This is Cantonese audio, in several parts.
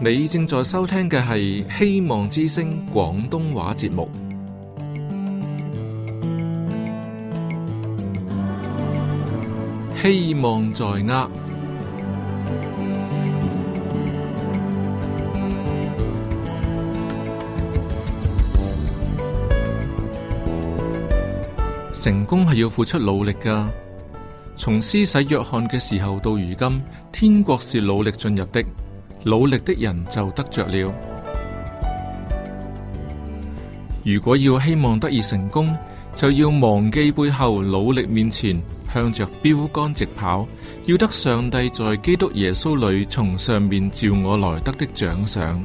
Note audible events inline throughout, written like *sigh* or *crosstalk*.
你正在收聽嘅係希望之聲廣東話節目。希望在握，成功係要付出努力㗎。從施洗約翰嘅時候到如今，天國是努力進入的。努力的人就得着了。如果要希望得以成功，就要忘記背後，努力面前，向着標杆直跑。要得上帝在基督耶穌裏從上面召我來得的獎賞。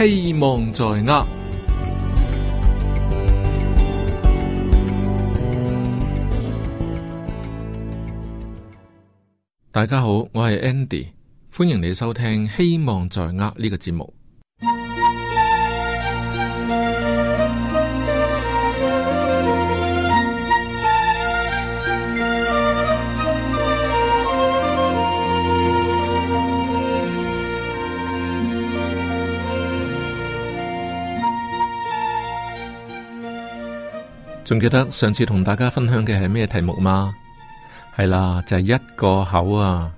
希望在握。大家好，我係 Andy，歡迎你收聽《希望在握》呢個節目。仲記得上次同大家分享嘅係咩題目嘛？係啦，就係、是、一個口啊。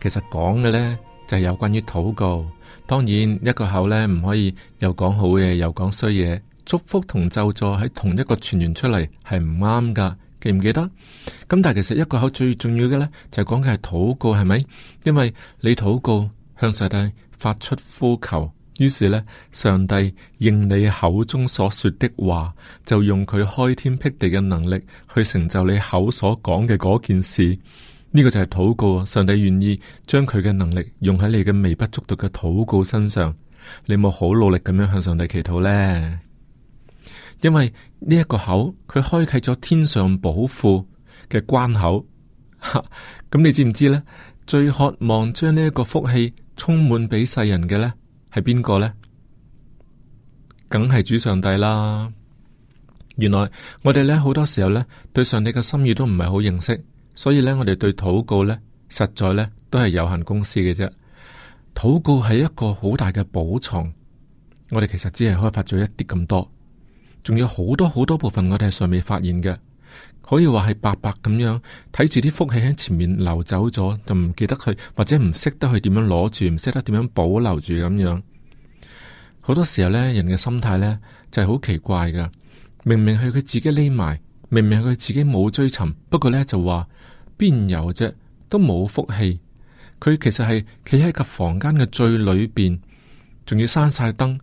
其實講嘅呢，就係、是、有關於禱告。當然一個口呢，唔可以又講好嘢又講衰嘢。祝福同咒助喺同一個泉源出嚟係唔啱噶。記唔記得？咁但係其實一個口最重要嘅呢，就係講嘅係禱告係咪？因為你禱告向上帝發出呼求。於是呢，上帝應你口中所說的話，就用佢開天闢地嘅能力去成就你口所講嘅嗰件事。呢個就係禱告，上帝願意將佢嘅能力用喺你嘅微不足道嘅禱告身上。你冇好努力咁樣向上帝祈禱呢？因為呢一個口佢開啟咗天上寶庫嘅關口。咁你知唔知呢？最渴望將呢一個福氣充滿俾世人嘅呢？係邊個呢？梗係主上帝啦！原來我哋呢好多時候呢，對上帝嘅心意都唔係好認識，所以呢，我哋對禱告呢，實在呢，都係有限公司嘅啫。禱告係一個好大嘅寶藏，我哋其實只係開發咗一啲咁多，仲有好多好多部分我哋係尚未發現嘅。可以話係白白咁樣睇住啲福氣喺前面流走咗，就唔記得佢，或者唔識得佢點樣攞住，唔識得點樣保留住咁樣。好多時候呢，人嘅心態呢就係好奇怪噶，明明係佢自己匿埋，明明係佢自己冇追尋，不過呢，就話邊有啫，都冇福氣。佢其實係企喺個房間嘅最裏邊，仲要閂晒燈，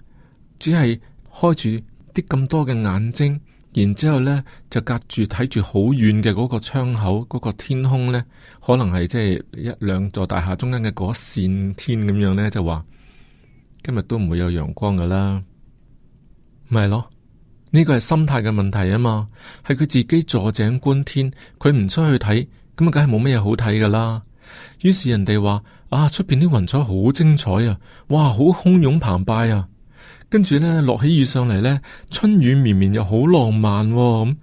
只係開住啲咁多嘅眼睛。然之後咧，就隔住睇住好遠嘅嗰個窗口，嗰個天空呢，可能係即係一兩座大廈中間嘅嗰一線天咁樣呢，就話今日都唔會有陽光噶啦，咪係咯？呢個係心態嘅問題啊嘛，係佢自己坐井觀天，佢唔出去睇，咁啊，梗係冇咩嘢好睇噶啦。於是人哋話啊，出邊啲雲彩好精彩啊，哇，好洶湧澎湃啊！跟住呢，落起雨上嚟呢，春雨綿綿又好浪漫咁、哦。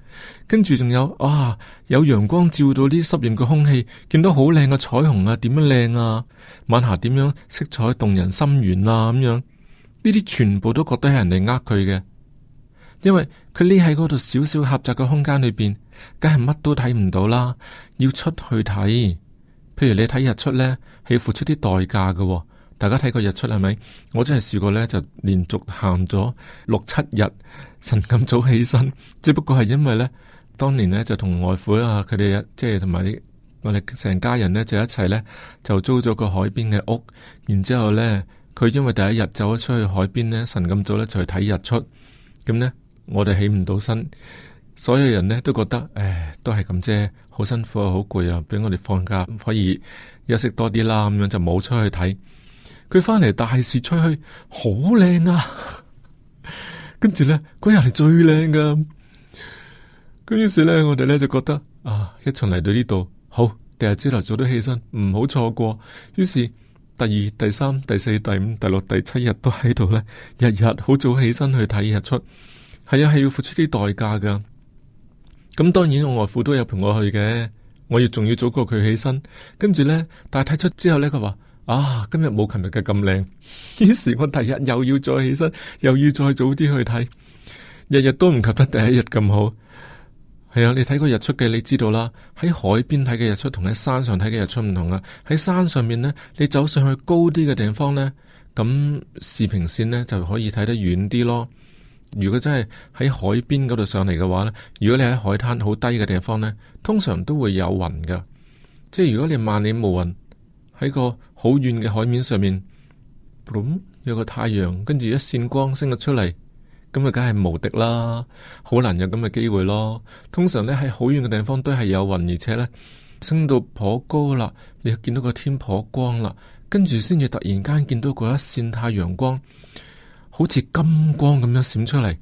跟住仲有啊，有陽光照到啲濕潤嘅空氣，見到好靚嘅彩虹啊，點樣靚啊？晚霞點樣色彩動人心弦啊？咁樣呢啲全部都覺得係人哋呃佢嘅，因為佢匿喺嗰度少少狹窄嘅空間裏邊，梗係乜都睇唔到啦。要出去睇，譬如你睇日出呢，係要付出啲代價嘅、哦。大家睇過日出係咪？我真係試過呢，就連續行咗六七日，神咁早起身，只不過係因為呢，當年呢，就同外父啊佢哋，即係同埋我哋成家人呢，就一齊呢，就租咗個海邊嘅屋，然之後呢，佢因為第一日走咗出去海邊呢，神咁早呢，就去睇日出，咁呢，我哋起唔到身，所有人呢，都覺得，誒，都係咁啫，好辛苦啊，好攰啊，俾我哋放假可以休息多啲啦，咁樣就冇出去睇。佢翻嚟大肆吹噓，好靚啊！ *laughs* 跟住呢，嗰日係最靚噶。跟住是呢，我哋呢就覺得啊，一從嚟到呢度，好第二朝頭早都起身，唔好錯過。於是第二、第三、第四、第五、第六、第七日都喺度呢，日日好早起身去睇日出，係啊，係要付出啲代價噶。咁當然，我外父都有陪我去嘅，我要仲要早過佢起身。跟住呢，但係睇出之後呢，佢話。啊！今日冇琴日嘅咁靚，於是我第日又要再起身，又要再早啲去睇，日日都唔及得第一日咁好。係啊，你睇過日出嘅，你知道啦。喺海邊睇嘅日出同喺山上睇嘅日出唔同啊。喺山上面呢，你走上去高啲嘅地方呢，咁視平線呢就可以睇得遠啲咯。如果真係喺海邊嗰度上嚟嘅話呢，如果你喺海灘好低嘅地方呢，通常都會有雲噶。即係如果你萬年無雲。喺個好遠嘅海面上面，boom 有個太陽，跟住一線光升咗出嚟，咁啊梗係無敵啦，好難有咁嘅機會咯。通常咧喺好遠嘅地方都係有雲，而且咧升到頗高啦，你見到個天頗光啦，跟住先至突然間見到嗰一線太陽光，好似金光咁樣閃出嚟，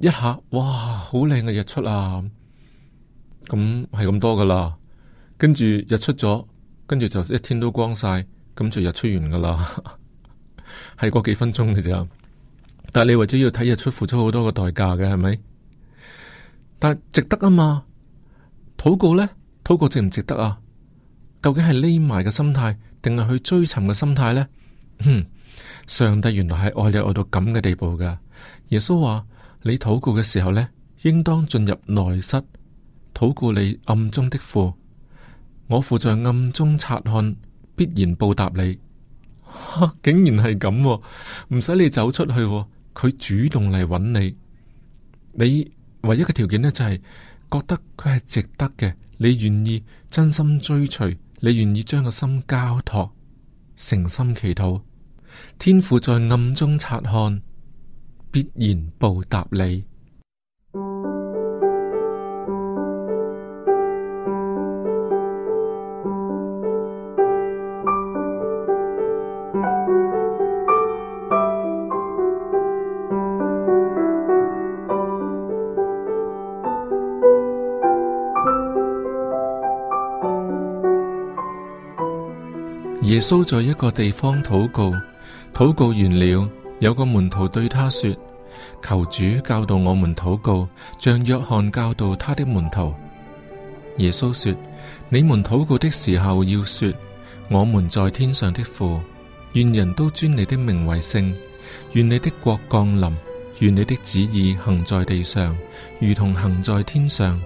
一下哇好靚嘅日出啊！咁係咁多噶啦，跟住日出咗。跟住就一天都光晒，咁就日出完噶啦，係 *laughs* 嗰幾分鐘嘅咋？但係你為咗要睇日出付出好多個代價嘅，係咪？但係值得啊嘛！禱告呢？禱告值唔值得啊？究竟係匿埋嘅心態，定係去追尋嘅心態呢？哼、嗯，上帝原來係愛你愛到咁嘅地步噶。耶穌話：你禱告嘅時候呢，應當進入內室，禱告你暗中的父。我父在暗中察看，必然報答你。 *laughs* 竟然係咁，啊，唔使你走出去，啊，佢主動嚟揾你。你唯一嘅條件呢，就係，就係覺得佢係值得嘅，你願意真心追隨，你願意將個心交託，誠心祈禱。天父在暗中察看，必然報答你。耶穌在一個地方禱告，禱告完了，有個門徒對他說：求主教導我們禱告，像約翰教導他的門徒。耶穌說：你們禱告的時候要說：我們在天上的父，願人都尊你的名為聖，願你的國降臨，願你的旨意行在地上，如同行在天上。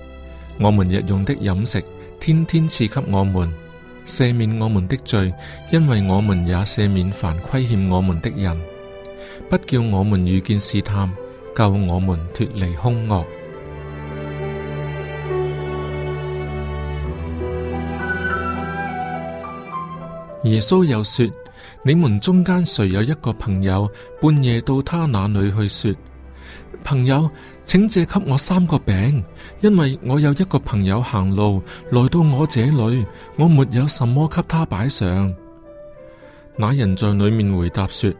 我們日用的飲食，天天賜給我們。赦免我們的罪，因為我們也赦免凡虧欠我們的人，不叫我們遇見試探，救我們脫離兇惡。耶穌又說：你們中間誰有一個朋友，半夜到他那裏去說，朋友，請借給我三個餅，因為我有一個朋友行路來到我這裏，我沒有什麼給他擺上。那人在裏面回答說：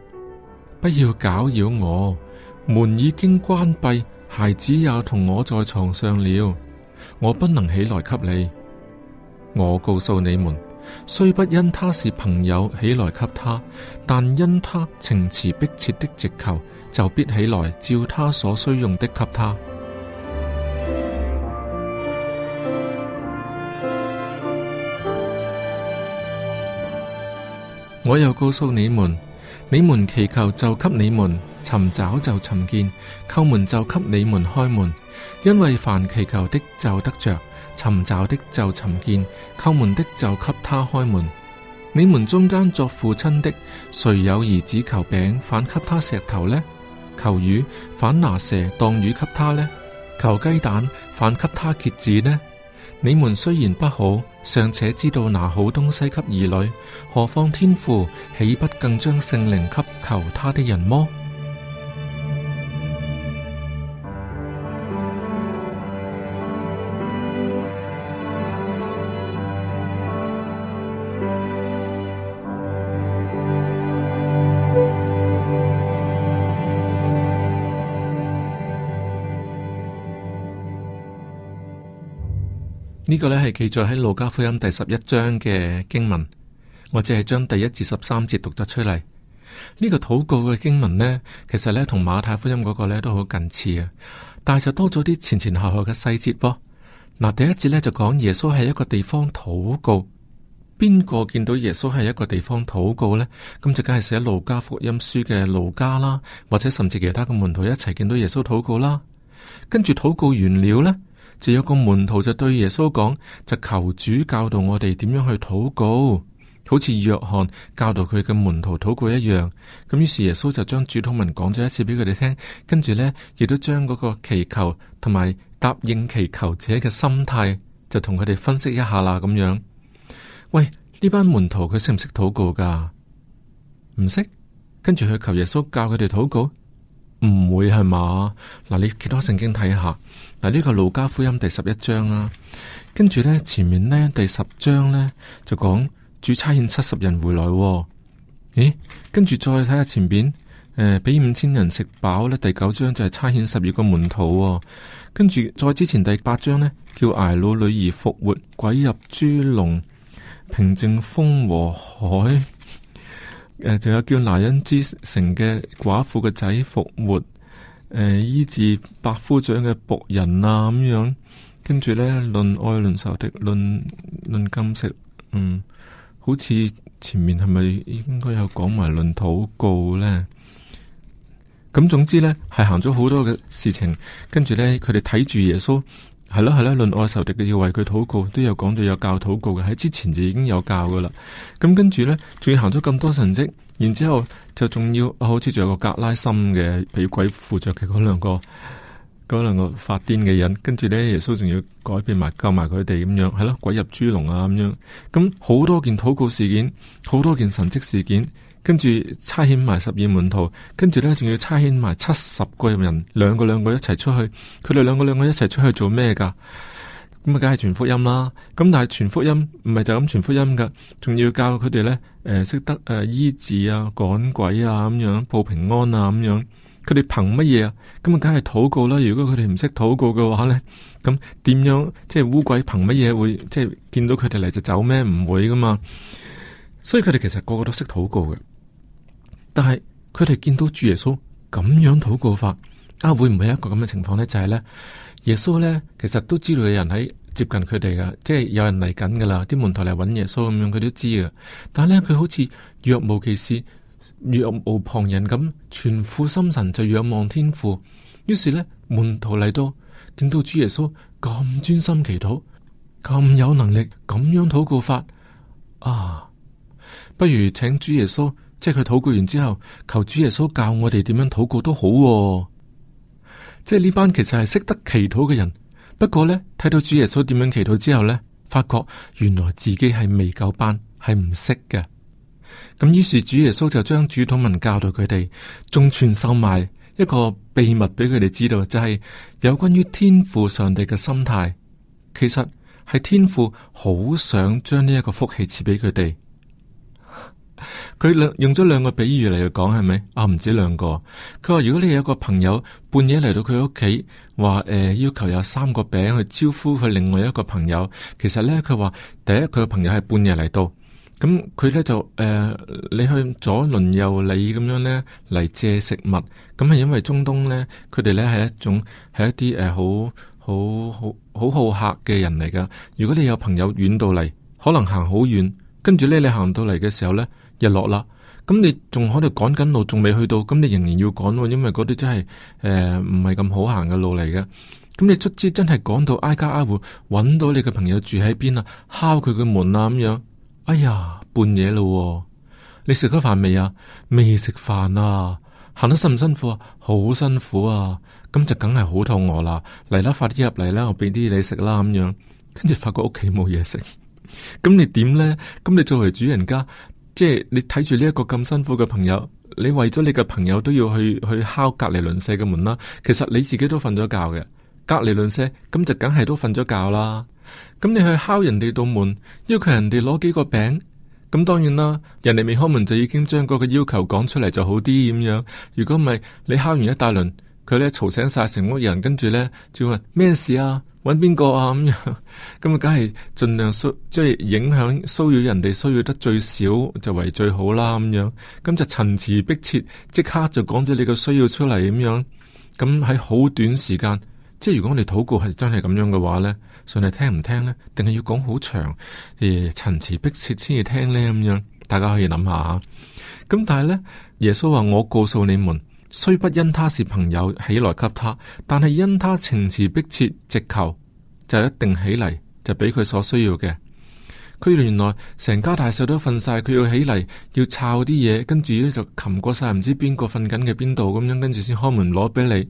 不要攪擾我，門已經關閉，孩子也同我在床上了，我不能起來給你。我告訴你們，雖不因他是朋友起來給他，但因他情辭迫切的直求。就必起來照他所需用的給他。我又告訴你們：你們祈求，就給你們；尋找，就尋見；叩門，就給你們開門。因為凡祈求的，就得着；尋找的，就尋見；叩門的，就給他開門。你們中間作父親的，誰有兒子求餅，反給他石頭呢？求魚反拿蛇當魚給他呢？求雞蛋反給他蠍子呢？你們雖然不好，尚且知道拿好東西給兒女，何況天父豈不更將聖靈給求他的人麼？呢個咧，係記載喺路加福音第十一章嘅經文，我只係將第一至十三節讀咗出嚟。呢個禱告嘅經文呢，其實呢同馬太福音嗰個呢都好近似啊，但係就多咗啲前前後後嘅細節。嗱，第一節呢就講耶穌喺一個地方禱告，邊個見到耶穌喺一個地方禱告呢？咁就梗係寫路加福音書嘅路加啦，或者甚至其他嘅門徒一齊見到耶穌禱告啦。跟住禱告完了呢。就有個門徒就對耶穌講，就求主教導我哋點樣去禱告，好似約翰教導佢嘅門徒禱告一樣。咁於是耶穌就將主禱文講咗一次俾佢哋聽，跟住呢，亦都將嗰個祈求同埋答應祈求者嘅心態，就同佢哋分析一下啦。咁樣，喂，呢班門徒佢識唔識禱告噶？唔識，跟住去求耶穌教佢哋禱告，唔會係嘛？嗱，你其他聖經睇下。嗱，呢個《路加福音》第十一章啦、啊，跟住呢，前面呢第十章呢就講主差遣七十人回來、哦，咦？跟住再睇下前邊，誒、呃，俾五千人食飽呢，第九章就係差遣十二個門徒、哦，跟住再之前第八章呢，叫埃老女兒復活，鬼入豬籠，平靜風和海，誒、 *laughs* 呃，仲有叫拿因之城嘅寡婦嘅仔復活。誒、呃，醫治百夫長嘅僕人啊，咁樣跟住呢，論愛論仇敵，論論禁食，嗯，好似前面係咪應該有講埋論禱告呢？咁、嗯、總之呢，係行咗好多嘅事情，跟住呢，佢哋睇住耶穌，係咯係咯，論、啊啊、愛仇敵嘅要為佢禱告，都有講到有教禱告嘅，喺之前就已經有教噶啦。咁跟住呢，仲要行咗咁多神蹟。然之後就仲要，好似仲有個格拉森嘅被鬼附着嘅嗰兩個，嗰兩個發癲嘅人，跟住呢，耶穌仲要改變埋救埋佢哋咁樣，係咯，鬼入豬籠啊咁樣，咁好多件禱告事件，好多件神蹟事件，跟住差遣埋十二門徒，跟住呢，仲要差遣埋七十個人，兩個兩個一齊出去，佢哋兩個兩個一齊出去做咩㗎？咁啊，梗係傳福音啦！咁但係傳福音唔係就咁傳福音噶，仲要教佢哋咧，誒、呃、識得誒、呃、醫治啊、趕鬼啊咁樣、報平安啊咁樣。佢哋憑乜嘢啊？咁啊，梗係禱告啦！如果佢哋唔識禱告嘅話咧，咁點樣即係污鬼憑乜嘢會即係見到佢哋嚟就走咩？唔會噶嘛。所以佢哋其實個個都識禱告嘅，但係佢哋見到主耶穌咁樣禱告法，啊會唔會一個咁嘅情況咧？就係、是、咧。耶穌咧，其實都知道有人喺接近佢哋噶，即係有人嚟緊噶啦，啲門徒嚟搵耶穌咁樣，佢都知噶。但係咧，佢好似若無其事、若無旁人咁，全副心神就仰望天父。於是咧，門徒嚟到，見到主耶穌咁專心祈禱，咁有能力，咁樣禱告法啊，不如請主耶穌，即係佢禱告完之後，求主耶穌教我哋點樣禱告都好喎。即係呢班其實係識得祈禱嘅人，不過呢，睇到主耶穌點樣祈禱之後呢，發覺原來自己係未夠班，係唔識嘅。咁於是主耶穌就將主禱文教導佢哋，仲傳授埋一個秘密俾佢哋知道，就係、是、有關於天父上帝嘅心態。其實係天父好想將呢一個福氣賜俾佢哋。佢兩用咗兩個比喻嚟講係咪？啊，唔止兩個。佢話如果你有一個朋友半夜嚟到佢屋企，話誒、呃、要求有三個餅去招呼佢另外一個朋友。其實呢，佢話第一佢個朋友係半夜嚟到，咁佢呢就誒、呃、你去左鄰右里咁樣呢嚟借食物。咁係因為中東呢，佢哋呢係一種係一啲誒、呃、好好好，好好客嘅人嚟噶。如果你有朋友遠到嚟，可能行好遠，跟住呢你行到嚟嘅時候呢。日落啦，咁你仲喺度趕緊路，仲未去到，咁你仍然要趕，因為嗰啲真係誒唔係咁好行嘅路嚟嘅。咁你卒之真係趕到挨家挨戶揾到你嘅朋友住喺邊啊，敲佢嘅門啊，咁樣哎呀，半夜啦喎，你食咗飯未啊？未食飯啊？行得辛唔辛苦啊？好辛苦啊！咁就梗係好肚餓啦，嚟啦，快啲入嚟啦，我俾啲你食啦，咁樣跟住發覺屋企冇嘢食，咁你點呢？咁你作為主人家。即係你睇住呢一個咁辛苦嘅朋友，你為咗你嘅朋友都要去去敲隔籬鄰舍嘅門啦。其實你自己都瞓咗覺嘅，隔籬鄰舍咁就梗係都瞓咗覺啦。咁你去敲人哋道門，要求人哋攞幾個餅，咁當然啦，人哋未開門就已經將嗰個要求講出嚟，就好啲咁樣。如果唔係，你敲完一大輪。佢咧嘈醒晒成屋人，跟住咧就問咩事啊？揾邊個啊？咁樣咁啊，梗係、嗯、盡量即係影響騷擾人哋，騷擾得最少就為最好啦。咁樣咁就陳詞逼切，即刻就講咗你個需要出嚟咁樣。咁喺好短時間，即係如果我哋禱告係真係咁樣嘅話咧，上嚟聽唔聽咧？定係要講好長而陳詞逼切先至聽咧？咁樣大家可以諗下。咁但係咧，耶穌話我告訴你們。雖不因他是朋友起嚟給他，但係因他情詞迫切，直求就一定起嚟就俾佢所需要嘅。佢原來成家大細都瞓晒，佢要起嚟要抄啲嘢，跟住咧就擒過晒，唔知邊個瞓緊嘅邊度咁樣，跟住先開門攞俾你，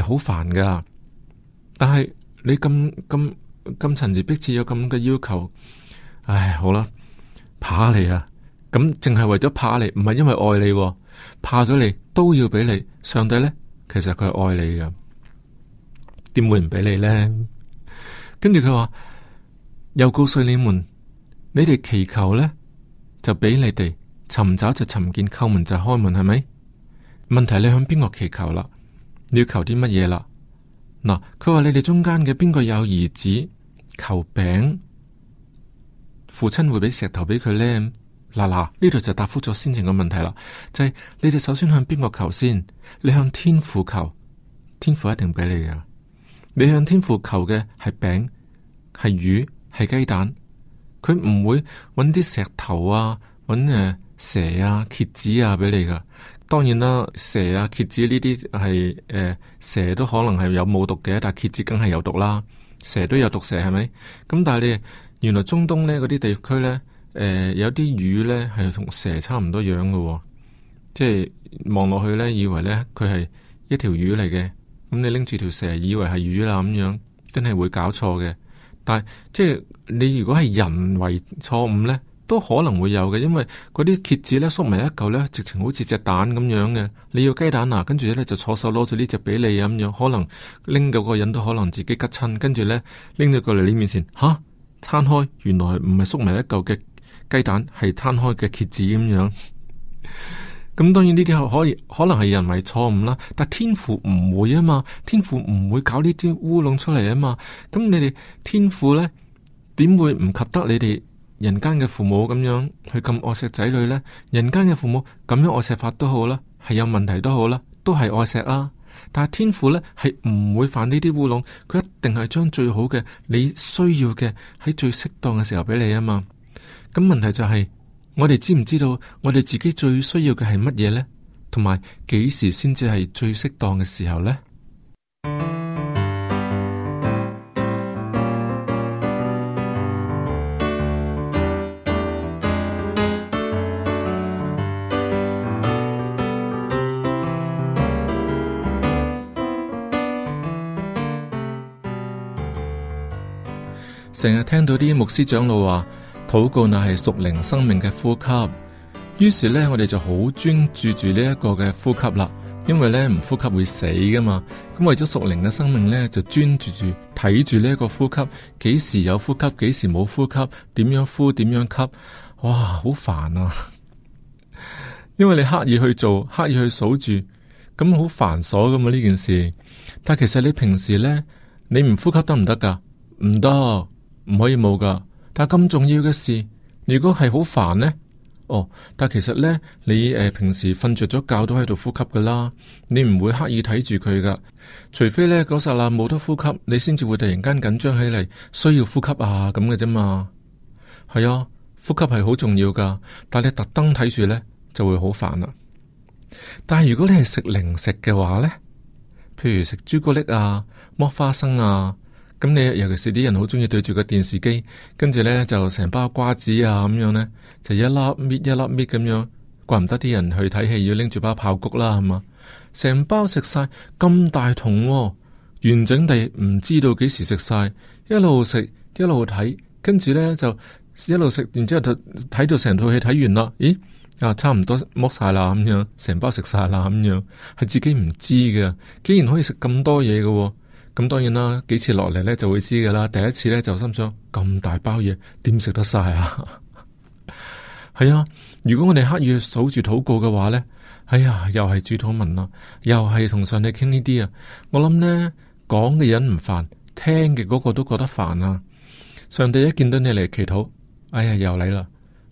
係好煩噶。但係你咁咁咁情詞迫切，有咁嘅要求，唉，好啦，爬嚟啊！咁淨係為咗怕你，唔係因為愛你，怕咗你都要俾你。上帝呢，其實佢係愛你嘅，點會唔俾你呢？跟住佢話又告訴你們，你哋祈求呢，就俾你哋尋找就尋見，叩門就開門，係咪？問題你向邊個祈求啦？你要求啲乜嘢啦？嗱，佢話你哋中間嘅邊個有兒子求餅，父親會俾石頭俾佢呢。嗱嗱，呢度就答復咗先前嘅問題啦。就係、是、你哋首先向邊個求先？你向天父求，天父一定俾你嘅。你向天父求嘅係餅、係魚、係雞蛋，佢唔會揾啲石頭啊、揾誒蛇啊、蠍子啊俾你噶。當然啦，蛇啊、蠍子呢啲係誒蛇都可能係有冇毒嘅，但係蠍子梗係有毒啦。蛇都有毒蛇係咪？咁但係你原來中東呢嗰啲地區呢。誒、呃，有啲魚呢係同蛇差唔多樣嘅、哦，即係望落去呢，以為呢佢係一條魚嚟嘅。咁、嗯、你拎住條蛇，以為係魚啦，咁樣真係會搞錯嘅。但係即係你如果係人為錯誤呢，都可能會有嘅，因為嗰啲蠍子呢，縮埋一嚿呢，直情好似隻蛋咁樣嘅。你要雞蛋啊，跟住呢就錯手攞住呢隻俾你咁樣，可能拎到個人都可能自己吉親，跟住呢拎咗過嚟你面前，吓、啊、攤開，原來唔係縮埋一嚿嘅。雞蛋係攤開嘅蠍子咁樣，咁當然呢啲可可以可能係人為錯誤啦。但天父唔會啊嘛，天父唔會搞呢啲烏龍出嚟啊嘛。咁你哋天父呢，點會唔及得你哋人間嘅父母咁樣去咁愛錫仔女呢？人間嘅父母咁樣愛錫法都好啦，係有問題都好啦，都係愛錫啦。但係天父呢，係唔會犯呢啲烏龍，佢一定係將最好嘅、你需要嘅，喺最適當嘅時候俾你啊嘛。咁問題就係，我哋知唔知道我哋自己最需要嘅係乜嘢呢？同埋幾時先至係最適當嘅時候呢？成日 *music* 聽到啲牧師長老話。禱告那係屬靈生命嘅呼吸，於是呢，我哋就好專注住呢一個嘅呼吸啦，因為呢唔呼吸會死噶嘛，咁為咗屬靈嘅生命呢，就專注住睇住呢一個呼吸，幾時有呼吸，幾時冇呼吸，點樣呼點樣吸，哇好煩啊！ *laughs* 因為你刻意去做，刻意去數住，咁好繁瑣噶嘛呢件事，但其實你平時呢，你唔呼吸得唔得噶？唔得，唔可以冇噶。但咁重要嘅事，如果係好煩呢？哦，但其實呢，你誒、呃、平時瞓着咗覺都喺度呼吸噶啦，你唔會刻意睇住佢噶，除非呢嗰刹那冇得呼吸，你先至會突然間緊張起嚟，需要呼吸啊咁嘅啫嘛。係咯、哦，呼吸係好重要噶，但係你特登睇住呢，就會好煩啦。但係如果你係食零食嘅話呢，譬如食朱古力啊、剝花生啊。咁你尤其是啲人好中意對住個電視機，跟住呢就成包瓜子啊咁樣呢，就一粒搣一粒搣咁樣。怪唔得啲人去睇戲要拎住包爆穀啦，係嘛？成包食晒咁大桶喎，完整地唔知道幾時食晒，一路食一路睇，跟住呢，就一路食，然之後就睇到成套戲睇完啦。咦？啊，差唔多剝晒啦咁樣，成包食晒啦咁樣，係自己唔知嘅，竟然可以食咁多嘢嘅喎。咁當然啦，幾次落嚟呢就會知噶啦。第一次呢，就心想咁大包嘢點食得晒啊？係 *laughs* 啊，如果我哋刻意數住禱告嘅話呢，哎呀，又係主禱文啦、啊，又係同上帝傾呢啲啊。我諗呢，講嘅人唔煩，聽嘅嗰個都覺得煩啊。上帝一見到你嚟祈禱，哎呀又嚟啦！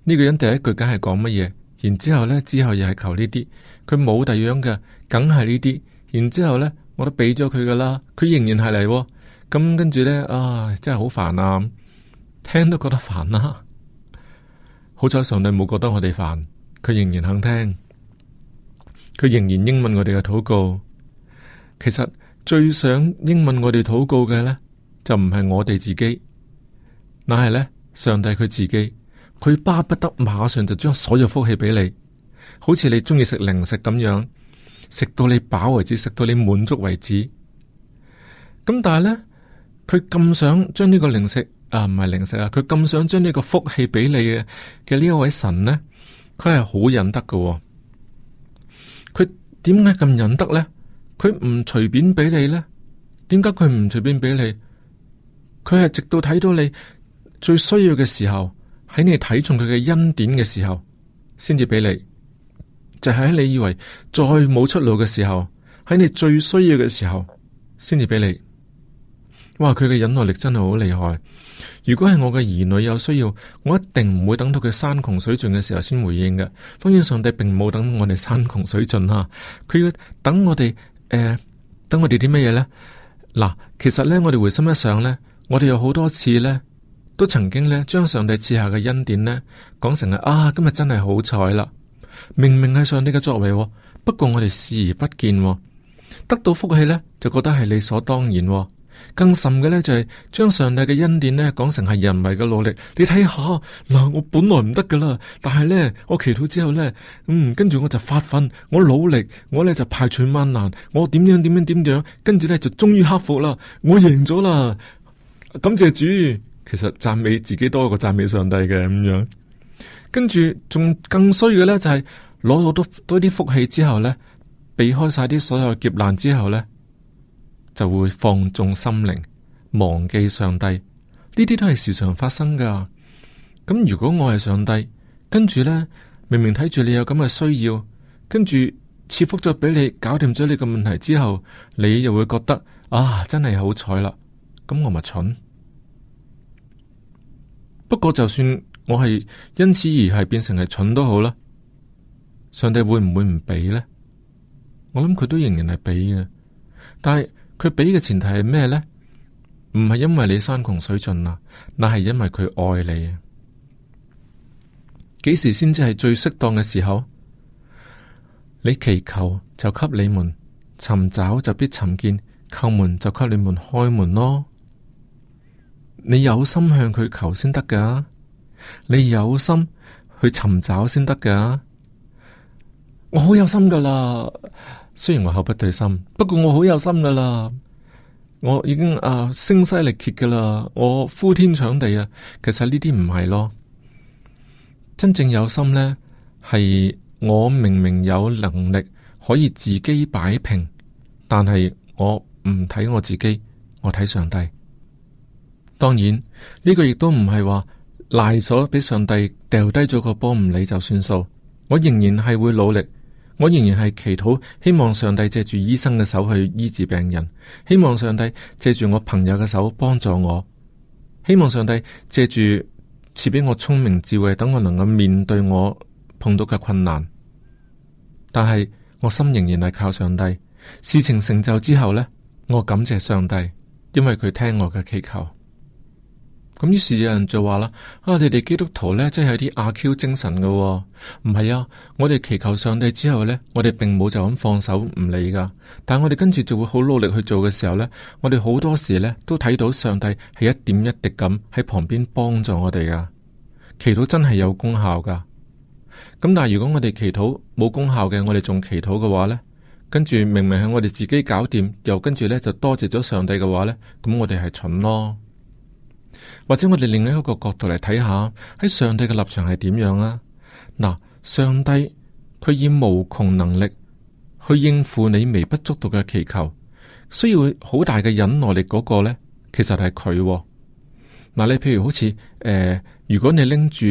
呢、這個人第一句梗係講乜嘢？然之後呢之後咧之後又係求呢啲，佢冇第樣嘅，梗係呢啲。然之後咧。我都俾咗佢噶啦，佢仍然係嚟，咁跟住呢，啊，真係好煩啊！聽都覺得煩啦、啊。好彩上帝冇覺得我哋煩，佢仍然肯聽，佢仍然應允我哋嘅禱告。其實最想應允我哋禱告嘅呢，就唔係我哋自己，乃係呢，上帝佢自己。佢巴不得馬上就將所有福氣俾你，好似你中意食零食咁樣。食到你飽為止，食到你滿足為止。咁但係呢，佢咁想將呢個零食啊，唔係零食啊，佢咁想將呢個福氣俾你嘅嘅呢一位神呢，佢係好忍得噶喎。佢點解咁忍得呢？佢唔隨便俾你呢？點解佢唔隨便俾你？佢係直到睇到你最需要嘅時候，喺你睇重佢嘅恩典嘅時候，先至俾你。就係喺你以為再冇出路嘅時候，喺你最需要嘅時候，先至俾你。哇！佢嘅忍耐力真係好厲害。如果係我嘅兒女有需要，我一定唔會等到佢山窮水盡嘅時候先回應嘅。當然，上帝並冇等我哋山窮水盡啊！佢要等我哋，誒、呃，等我哋啲乜嘢呢？嗱，其實呢，我哋回心一想呢，我哋有好多次呢，都曾經呢，將上帝賜下嘅恩典呢講成係啊，今日真係好彩啦。明明係上帝嘅作為，不過我哋視而不見，得到福氣咧就覺得係理所當然。更甚嘅咧就係、是，將上帝嘅恩典咧講成係人為嘅努力。你睇下，嗱我本來唔得噶啦，但係咧我祈禱之後咧，嗯，跟住我就發奮，我努力，我咧就排除萬難，我點樣點樣點樣，跟住咧就終於克服啦，我贏咗啦，感謝主。其實讚美自己多過讚美上帝嘅咁樣。跟住仲更衰嘅呢，就係攞到多多啲福氣之後呢，避開晒啲所有劫難之後呢，就會放縱心靈，忘記上帝。呢啲都係時常發生噶。咁如果我係上帝，跟住呢，明明睇住你有咁嘅需要，跟住賜福咗俾你，搞掂咗你嘅問題之後，你又會覺得啊，真係好彩啦。咁我咪蠢。不過就算。我係因此而係變成係蠢都好啦，上帝會唔會唔俾呢？我諗佢都仍然係俾嘅，但係佢俾嘅前提係咩呢？唔係因為你山窮水盡啦，那係因為佢愛你。幾時先至係最適當嘅時候？你祈求，就給你們，尋找就必尋見，叩門就給你們開門咯。你有心向佢求先得㗎。你有心去尋找先得噶。我好有心噶啦，雖然我口不對心，不過我好有心噶啦。我已經啊，聲嘶力竭噶啦，我呼天搶地啊。其實呢啲唔係咯，真正有心呢，係我明明有能力可以自己擺平，但係我唔睇我自己，我睇上帝。當然呢個亦都唔係話。賴咗俾上帝掉低咗個波唔理就算數，我仍然係會努力，我仍然係祈禱，希望上帝借住醫生嘅手去醫治病人，希望上帝借住我朋友嘅手幫助我，希望上帝借住賜俾我聰明智慧，等我能夠面對我碰到嘅困難。但係我心仍然係靠上帝。事情成就之後呢，我感謝上帝，因為佢聽我嘅祈求。咁於是有人就話啦，啊，你哋基督徒呢，真係啲阿 Q 精神噶，哦，唔係啊，我哋祈求上帝之後呢，我哋並冇就咁放手唔理噶，但係我哋跟住就會好努力去做嘅時候呢，我哋好多時呢都睇到上帝係一點一滴咁喺旁邊幫助我哋噶，祈禱真係有功效噶。咁但係如果我哋祈禱冇功效嘅，我哋仲祈禱嘅話呢，跟住明明係我哋自己搞掂，又跟住呢就多謝咗上帝嘅話呢，咁我哋係蠢咯。或者我哋另一個角度嚟睇下，喺上帝嘅立場係點樣啊？嗱，上帝佢以無窮能力去應付你微不足道嘅祈求，需要好大嘅忍耐力嗰個呢，其實係佢、哦。嗱，你譬如好似誒、呃，如果你拎住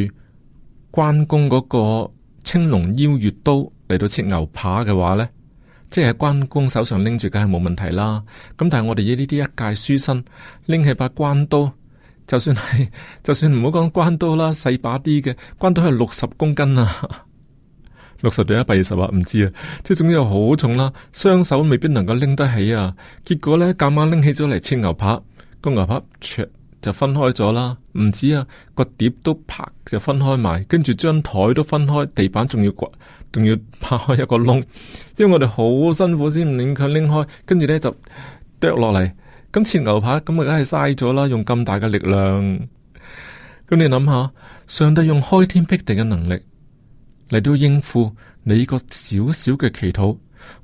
關公嗰個青龍偃月刀嚟到切牛扒嘅話呢，即係關公手上拎住梗係冇問題啦。咁但係我哋以呢啲一介書生拎起把關刀。就算係，就算唔好講關刀啦，細把啲嘅關刀係六十公斤啊，六十到一百二十啊，唔知啊，即係總之好重啦，雙手未必能夠拎得起啊。結果呢，夾硬拎起咗嚟，切牛扒，個牛扒，卓就分開咗啦，唔止啊，個碟都拍就分開埋，跟住張台都分開，地板仲要滾，仲要拍開一個窿，因為我哋好辛苦先拎佢拎開，跟住呢，就剁落嚟。咁切牛扒咁啊，梗係嘥咗啦！用咁大嘅力量，咁你諗下，上帝用開天闢地嘅能力嚟到應付你個小小嘅祈禱，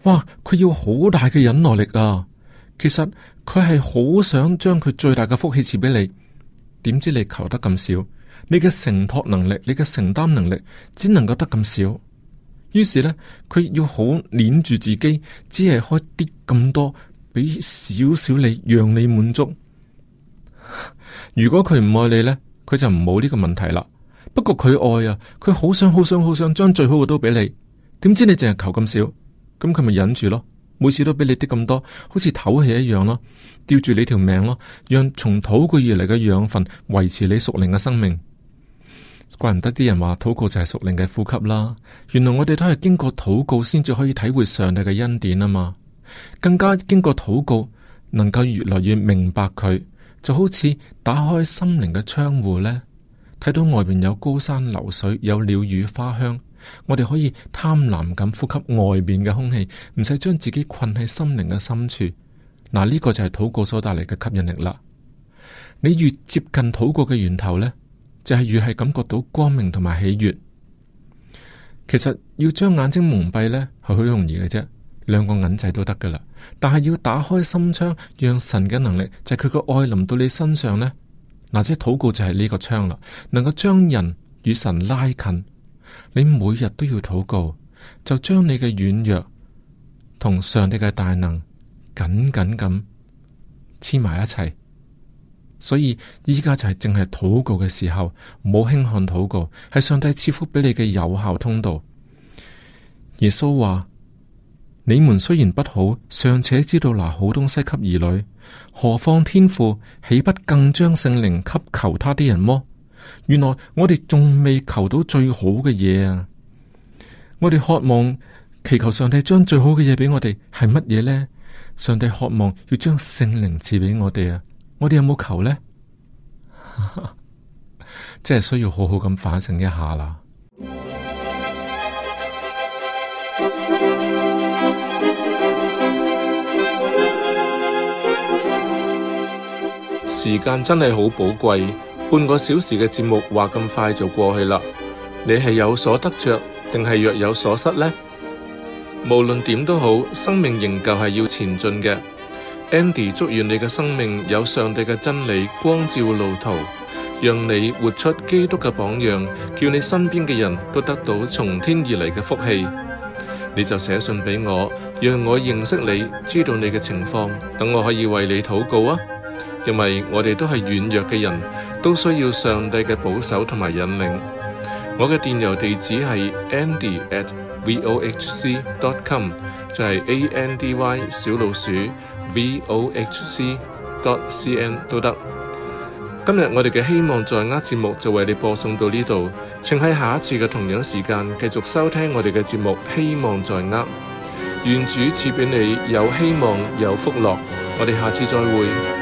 哇！佢要好大嘅忍耐力啊！其實佢係好想將佢最大嘅福氣賜俾你，點知你求得咁少，你嘅承托能力、你嘅承擔能力只能夠得咁少，於是呢，佢要好捻住自己，只係開啲咁多。俾少少你，讓你滿足。 *laughs* 如果佢唔愛你呢，佢就唔冇呢個問題啦。不過佢愛啊，佢好想好想好想將最好嘅都俾你。點知你淨係求咁少，咁佢咪忍住咯。每次都俾你啲咁多，好似唞氣一樣咯，吊住你條命咯，讓從禱告而嚟嘅養分維持你屬靈嘅生命。怪唔得啲人話禱告就係屬靈嘅呼吸啦。原來我哋都係經過禱告先至可以體會上帝嘅恩典啊嘛。更加經過禱告，能夠越嚟越明白佢，就好似打開心靈嘅窗戶呢，睇到外面有高山流水，有鳥語花香。我哋可以貪婪咁呼吸外面嘅空氣，唔使將自己困喺心靈嘅深處。嗱，呢個就係禱告所帶嚟嘅吸引力啦。你越接近禱告嘅源頭呢，就係、是、越係感覺到光明同埋喜悅。其實要將眼睛蒙蔽呢，係好容易嘅啫。兩個銀仔都得噶啦，但係要打開心窗，讓神嘅能力就係佢個愛臨到你身上呢。嗱，即係禱告就係呢個窗啦，能夠將人與神拉近。你每日都要禱告，就將你嘅軟弱同上帝嘅大能緊緊咁黐埋一齊。所以依家就係淨係禱告嘅時候，冇輕看禱告，係上帝賜福俾你嘅有效通道。耶穌話。你們雖然不好，尚且知道拿好東西給兒女，何況天父豈不更將聖靈給求他的人麼？原來我哋仲未求到最好嘅嘢啊！我哋渴望祈求上帝將最好嘅嘢俾我哋，係乜嘢呢？上帝渴望要將聖靈賜俾我哋啊！我哋有冇求呢？哈哈，即係需要好好咁反省一下啦。時間真係好寶貴，半個小時嘅節目話咁快就過去啦。你係有所得着，定係若有所失呢？無論點都好，生命仍舊係要前進嘅。Andy，祝願你嘅生命有上帝嘅真理光照路途，讓你活出基督嘅榜樣，叫你身邊嘅人都得到從天而嚟嘅福氣。你就寫信俾我，讓我認識你，知道你嘅情況，等我可以為你禱告啊！因為我哋都係軟弱嘅人，都需要上帝嘅保守同埋引領。我嘅電郵地址係 andy at vohc dot com，就係 andy 小老鼠 vohc dot c n 都得。今日我哋嘅希望在握節目就為你播送到呢度，請喺下一次嘅同樣時間繼續收聽我哋嘅節目。希望在握，願主賜俾你有希望，有福樂。我哋下次再會。